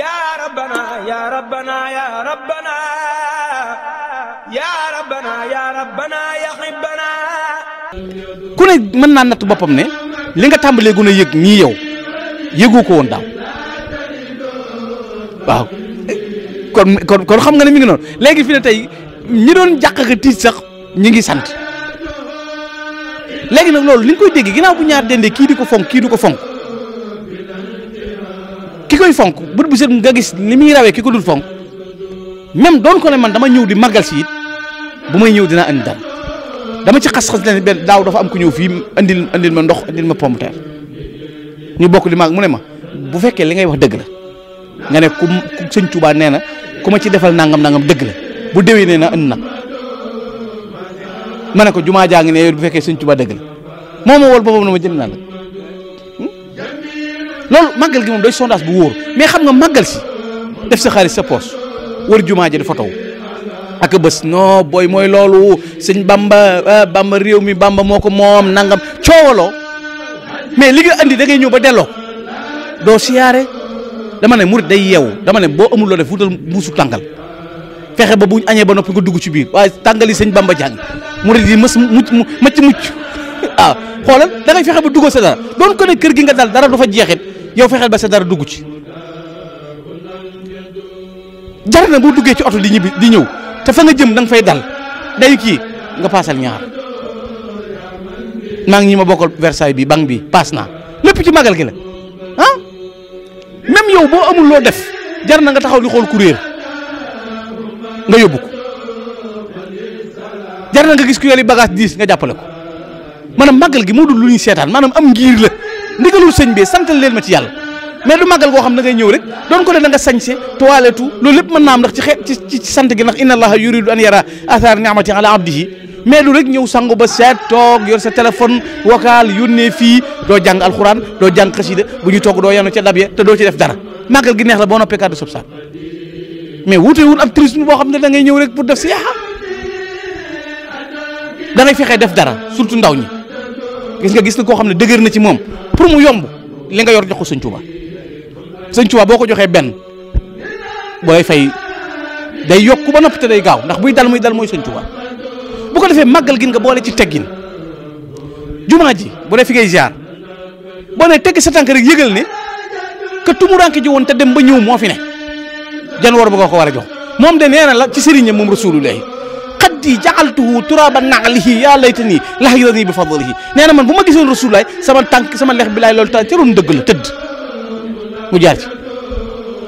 yaa rabbana yaa rabbana yaa rabbana yaa rabbana yaa ku ne mën naa natt boppam ne li nga tàmbalee gën a yëg nii yow yëgoo ko woon daaw kon kon kon xam nga ne mi ngi noonu léegi fi ne tey ñi doon jàq ak tiit sax ñi ngi sant léegi nag loolu li nga koy dégg ginnaaw bu ñaar dende kii di ko fonk kii di ko fonk koy fonk bët bu set nga gis li muy rawee ki ko dul fonk même doon ne man dama ñëw di màggal it bu may ñëw dinaa indi dara dama ci xas-xas leen benn daaw dafa am ku ñëw fii indil indil ma ndox indil ma pomme terre ñu bokk di màgg mu ne ma bu fekkee li ngay wax dëgg la nga ne ku sëñ Touba nee na ku ma ci defal nangam nangam dëgg bu déwee nee na indi nag ma ne ko jumaa jaa ngi ne bu fekkee sëñ Touba dëgg la wol boppam na ma jënd naa lol magal gi mom doy sondage bu wor mais xam nga magal si def sa xaliss sa poos wor juma ji dafa photo ak beus no boy moy lolou sëñ bamba ah, bamba rew mi bamba moko mom nangam coowaloo mais li nga andi da ngay ñëw ba delo do siaré dama né mourid day yew dama né bo amul lo def futal musu tangal fexé ba buñ añee ba nopi ko dugg ci biir way tangali yi bamba jang mourid yi mus mucc macc mucc ah xolal da ngay fexé ba duggoo sa dara don ko ne kër gi nga dal dara du fa jexit yow fexeel ba sa dara dugg ci jar boo duggee ci oto di ñibbi di ñëw te fa nga jëm da fay dal day kii nga paasal ñaar maa ñi ma bokkal Versailles bi banque bi paas naa lépp ci magal gi la ah même yow boo amul loo def jar na nga taxaw di xool kuréel nga yóbbu ko na nga gis ku yori bagage diis nga jàppale ko am magal gi moo du lu ñuy seetaan maanaam am ngir la. ndigalul sëñ bi santal leen ma ci yalla mais du magal go xam na ngay ñew rek doon ko le da nga sañse toilettu loolu lepp man naa am ndax ci ci sante gi ndax inna allaha yuridu an yara athar ni'mati ala abdihi mais du rek ñew sangu ba seet tok yor sa téléphone wakal yunne fi do jang alquran do jang xasida bu ñu tok do yanu ci dabye ya te do ci def dara magal gi neex la bo noppé kàddu sob saan mais wuté wul am tourisme bo xam ngay ñew rek pour def da ngay fexé def dara surtout ndaw ñi gis nga gis ko koo xam ne na ci moom pour mu yomb li nga yor joxu ko touba Tuuba touba boko boo ko boy fay day yokku ba noppi te day gaw ndax buy dal muy dal moy sëñ touba bu ko defé magal gi nga bolé ci teggin juma ji bu dee fi ngay ziar bo ne tegg sa tank rek ni ke tumu ranki ji won te dem ba ñew mo fi ne jan war ba ko war jox moom de nee la ci serigne moom rasulullah wajhi ja'altuhu turaban na'lihi ya laytani la yurani bi fadlihi neena man buma gisone rasulullah sama tank sama lex bilay lol tan ci run deug la teud mu jaar ci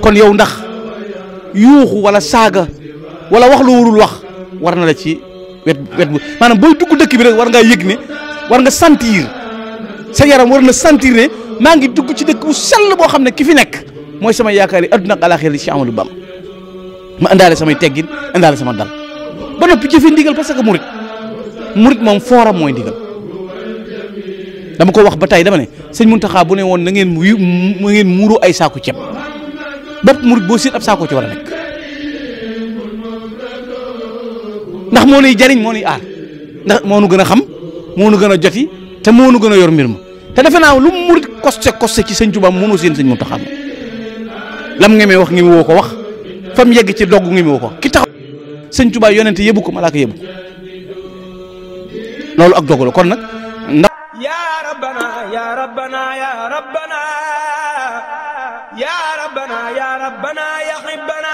kon yow ndax yuxu wala saga wala wax lu wulul wax war na la ci wet wet manam boy dugg dekk bi rek war nga yegg war nga sentir sa yaram war na sentir ne ma ngi dugg ci dekk bu sel bo xamne ki fi nek moy sama yaakaari aduna ak alakhir ci bam ma andale sama teggin andale sama dal ba ci fi ndigal parce que mourid mourid mom fora moy ndigal dama ko wax ba tay dama ne seigne muntaxaa bu ne won na ngeen mu ngeen muru ay saku ceeb bop mourid jaring sit ab saku ci wala nek ndax mo lay jariñ mo lay ar ndax mo nu gëna xam mo nu gëna te mo nu gëna yor mbir te lu mourid koste koste ci sëñ Tuubaa mënoo seen seigne muntaxaa lam ngeme wax ngi wo ko wax fam yegg ci dogu ngi wo ko ki tax sëñ Tuubaa yonente yëbu malaaka yëbu loolu ak dogalu kon nag ndax rabbana yaa rabbana yaa rabbana yaa rabbana yaa rabbana yaa rabbana